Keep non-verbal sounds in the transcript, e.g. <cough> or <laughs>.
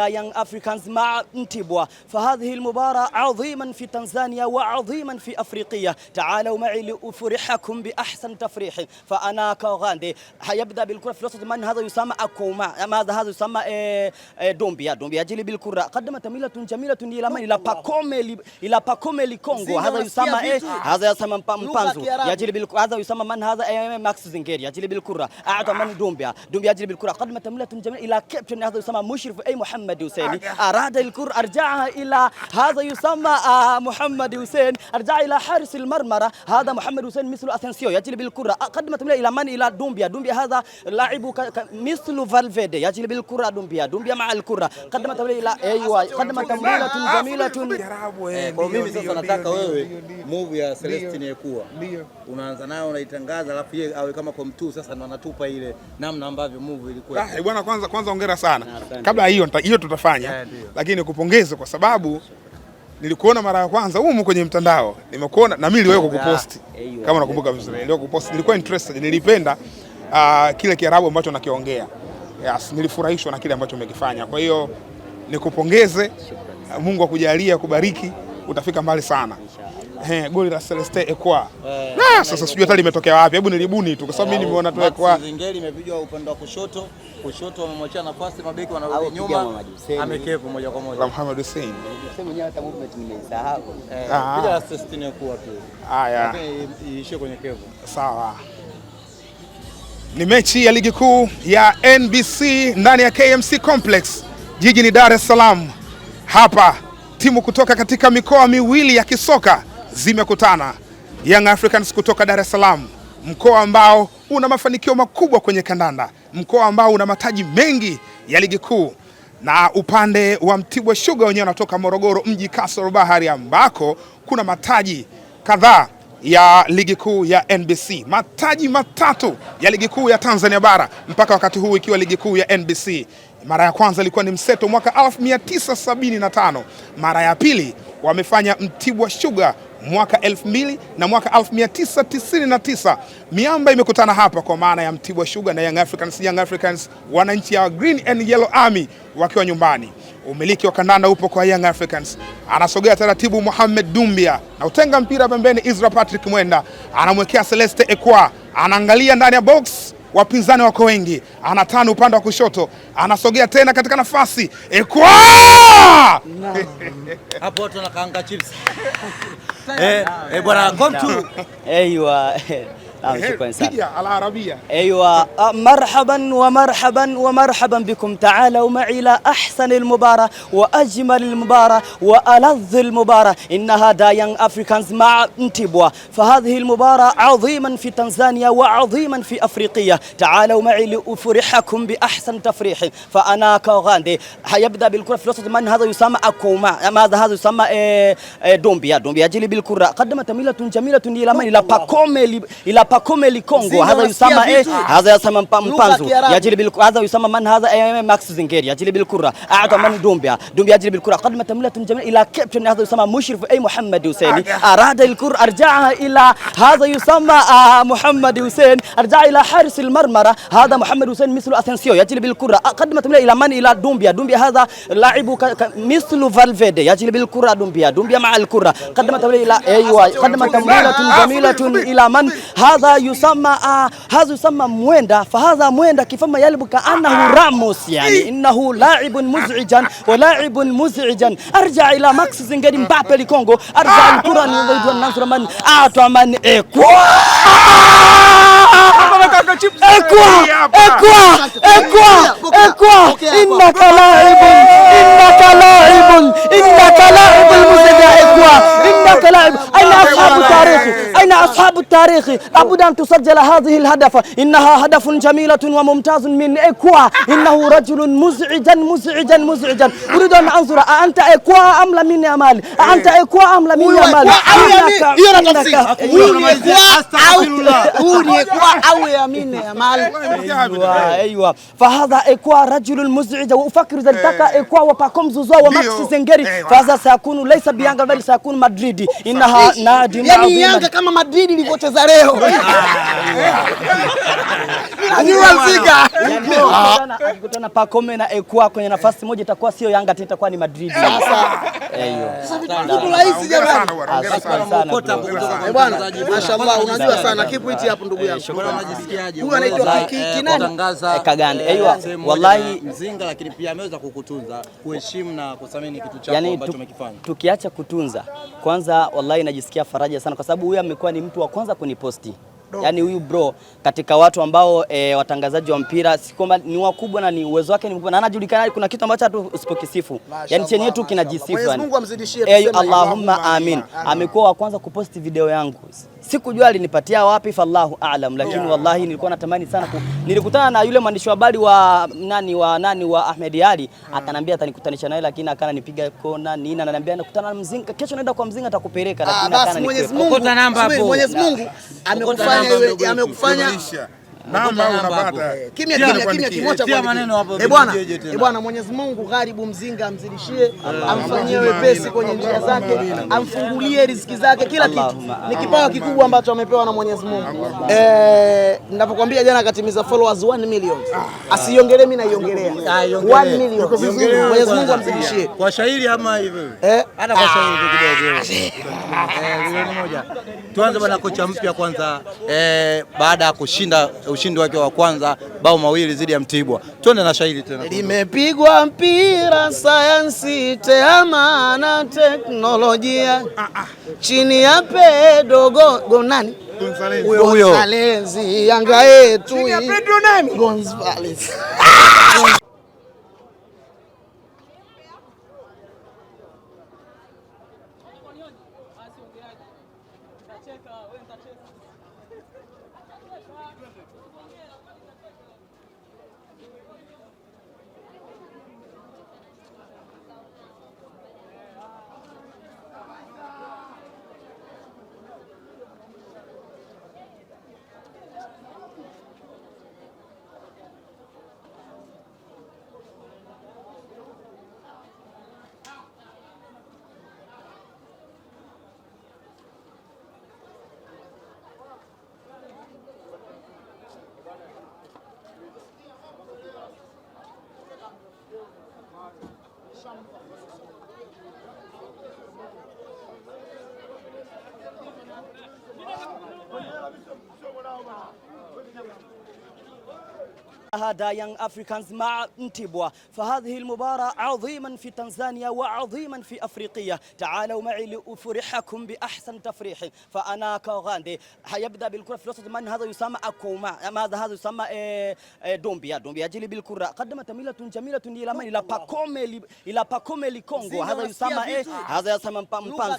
يانغ افريكانز مع انتبوا فهذه المباراة عظيما في تنزانيا وعظيما في أفريقيا تعالوا معي لأفرحكم بأحسن تفريح فأنا كوغاندي حيبدأ بالكرة في الوسط من هذا يسمى أكوما ماذا هذا يسمى إيه، إيه، دومبيا دومبيا جيلي بالكرة قدمت ميلة جميلة إلى من إلى باكومي إلى باكومي لكونغو هذا يسمى إيه؟ هذا يسمى مبانزو يجري بالكرة هذا يسمى من هذا ماكس زنجيري يجري بالكرة أعطى من دومبيا دومبيا يجري بالكرة قدمت ميلة جميلة إلى كابتن هذا يسمى مشرف أي محمد Muhammad Hussein arada alkur arjaa ila hadha yusama ah, Muhammad Hussein arjaa ila haris almarmara hadha Muhammad Hussein mithlu Asensio yajli bilkura qadmat ila man ila Dumbia Dumbia hadha laibu mithlu Valverde yajli bilkura Dumbia Dumbia maa alkura qadmat ila aywa eh, qadmat tamlila jamilatun. Eh, eh, kwa mimi sasa nataka wewe movie ya Celestine Ekua unaanza nayo unaitangaza, alafu yeye awe kama komtu sasa, ndo anatupa ile namna ambavyo movie ilikuwa. Ah bwana, kwanza kwanza hongera sana kabla hiyo hiyo hivyo tutafanya yeah, lakini nikupongeze kwa sababu nilikuona mara ya kwanza humu kwenye mtandao, nimekuona na mimi niliwahi kukupost kama nakumbuka vizuri, niliwahi kukupost, nilikuwa interested, nilipenda uh, kile Kiarabu ambacho nakiongea. Yes, nilifurahishwa na kile ambacho umekifanya. Kwa hiyo nikupongeze, Mungu akujalie, akubariki, utafika mbali sana. Eh, goli la Celeste Ekwa sasa sijui hata limetokea wapi. Hebu nilibuni tu kwa sababu mimi nimeona tu kwa Zingeli imepigwa upande wa kushoto, kushoto wamemwachia nafasi mabeki wanarudi nyuma. Amekevu moja kwa moja. Muhammad Hussein. Sema mwenyewe hata movement nimesahau. Bila eh, ah. assist ni kwa tu. Haya. Iishie kwenye kevu. Sawa. Ni mechi ya ligi kuu ya NBC ndani ya KMC Complex Jiji ni Dar es Salaam. Hapa timu kutoka katika mikoa miwili ya kisoka zimekutana. Young Africans kutoka Dar es Salaam, mkoa ambao una mafanikio makubwa kwenye kandanda, mkoa ambao una mataji mengi ya ligi kuu, na upande wa Mtibwa Sugar wenyewe wanatoka Morogoro mji, kasoro bahari, ambako kuna mataji kadhaa ya ligi kuu ya NBC, mataji matatu ya ligi kuu ya Tanzania bara mpaka wakati huu ikiwa ligi kuu ya NBC. Mara ya kwanza ilikuwa ni mseto mwaka 1975, mara ya pili wamefanya Mtibwa Sugar mwaka elfu mbili na mwaka 1999 miamba imekutana hapa kwa maana ya Mtibwa Sugar na Young Africans, Young Africans wananchi wa Green and Yellow Army wakiwa nyumbani. Umiliki wa kandanda upo kwa Young Africans, anasogea taratibu Mohamed Dumbia na utenga mpira pembeni. Isra Patrick Mwenda anamwekea Celeste Ekwa, anaangalia ndani ya box wapinzani wako wengi, anatani upande wa kushoto, anasogea tena katika nafasi Ekwa hapo watu wanakaanga chips. Eh, eh bwana come to. Eh, you are شكرا إيه، العربية أيوة آه، مرحبا ومرحبا ومرحبا بكم تعالوا معي إلى أحسن المباراة وأجمل المباراة وألذ المباراة إنها دايان أفريكانز مع انتبوا فهذه المباراة عظيما في تنزانيا وعظيما في أفريقيا تعالوا معي لأفرحكم بأحسن تفريح فأنا كوغاندي هيبدأ بالكرة في الوسط من هذا يسمى أكوما ماذا هذا يسمى إيه، إيه، دومبيا دومبيا جلي بالكرة قدمت ميلة جميلة إلى من إلى باكومي إلى باكومي pakome likongo eh, hadha yusama eh hadha yusama mpanzu yajili bil hadha yusama man hadha eh max zingeri yajili bil qurra a'ta ah. man dumbia dumbia yajili bil qurra qad matamlat jamil ila captain hadha yusama mushrif ay muhammad husaini ah. arada al qurra arja'aha ila hadha yusama ah, muhammad husain arja'a ila haris al marmara hadha muhammad husain mislu asensio yajili bil qurra qad matamlat ila man ila dumbia dumbia hadha لاعب مثل فالفيدي يجري بالكرة Dumbia دمبيا مع الكرة قدم تمريرة ila أيوة قدم تمريرة جميلة إلى من هذا hadha yusama uh, ah, hadha yusama mwenda fahadha mwenda kifama yalbu ka kaanahu ramos yani innahu laibun muzijan wa laibun muzijan arja ila max zingeri mbape likongo arja ni ndio nasra man atwa man ekwa innaka laibun innaka laibun ashabu tarikhi abudan tusajjala hadhihi alhadafa innaha hadafun jamilatun wa mumtazun min ekwa innahu rajulun muzijan muzijan muzijan uridu an anzura a anta ekwa am la min amali a anta ekwa am la min amali hiyo na tafsiri huu ni ekwa au ya min amali ايوه فهذا اكوا رجل مزعج وافكر ذلك اكوا وباكم زوزو وماكس زنجري فهذا سيكون ليس بيانغا بل سيكون مدريدي انها نادي يعني يانغا كما مدريد Madrid ilivyocheza leo. Akikutana ah, <laughs> ah. Pacome na Ekwa kwenye nafasi moja itakuwa sio Yanga tena, itakuwa ni Madrid. Sasa. Eh, kitu rahisi jamani. mashallah, unajua sana kipu hichi hapo, ndugu eh, yangu. Huyu anaitwa eh, eh, wallahi mzinga, lakini pia ameweza kukutunza, kuheshimu na kuthamini kitu chako ambacho umekifanya. Tukiacha kutunza kwanza, wallahi najisikia faraja sana, kwa sababu huyu amekuwa ni mtu wa kwanza kuniposti yani huyu bro katika watu ambao e, watangazaji wa mpira si kwamba ni wakubwa na ni uwezo wake ni mkubwa na anajulikana. Kuna kitu ambacho hatu usipokisifu, yani chenyewe tu kinajisifu. Yaani. Mwenyezi Mungu amzidishie, Allahumma amin. Amekuwa wa kwanza kuposti video yangu sikujua alinipatia wapi, fallahu aalam, lakini yeah. Wallahi nilikuwa natamani sana ku... nilikutana na yule mwandishi wa habari wa nani wa nani wa Ahmed Ali mm. akanambia atanikutanisha naye, lakini akana nipiga kona nini, ananiambia nakutana na Mzinga kesho, naenda kwa Mzinga atakupeleka, lakini ah, akana Mwenyezi Mungu amekufanya namba unapata eh, kimya kimya kimya kimoja kwa maneno hapo. Eh bwana, eh bwana, Mwenyezi Mungu gharibu mzinga amzidishie, amfanyie wepesi kwenye njia zake, amfungulie riziki zake, kila kitu ni kipawa kikubwa ambacho amepewa na Mwenyezi Mungu. Eh, ninapokuambia jana akatimiza followers 1 million, ah. asiongelee mimi naiongelea 1 ah, million. Mwenyezi Mungu amzidishie kwa ama hivyo eh, hata kwa kidogo. Ah. Eh, tuanze bwana, kocha mpya kwanza, eh baada ya kushinda ushindi wake wa kwanza bao mawili dhidi ya Mtibwa. Twende na shahidi tena. Limepigwa mpira sayansi, tehama na teknolojia ah, ah, ah. Chini ya Pedro go, go nani? Gonzalez, Yanga yetu. Chini ya Pedro nani? Gonzalez. <laughs> Nitacheka, wewe nitacheka. Nitacheka. <laughs> Nitacheka. Nitacheka. Nitacheka. Nitacheka. Nitacheka. Nitacheka. Nitacheka. Nitacheka. Nitacheka. Nitacheka. Nitacheka. Nitacheka. Nitacheka. Nitacheka. Nitacheka. Nitacheka. Nitacheka. شاهد يانغ افريكانز مع انتبوا فهذه المباراة عظيما في تنزانيا وعظيما في افريقيا تعالوا معي لافرحكم باحسن تفريح فانا كوغاندي هيبدا بالكرة في الوسط من هذا يسمى اكوما ماذا هذا يسمى دومبيا دومبيا جلي بالكرة قدمت ميلة جميلة الى من الى باكومي الى باكومي لكونغو هذا يسمى هذا يسمى مpanzi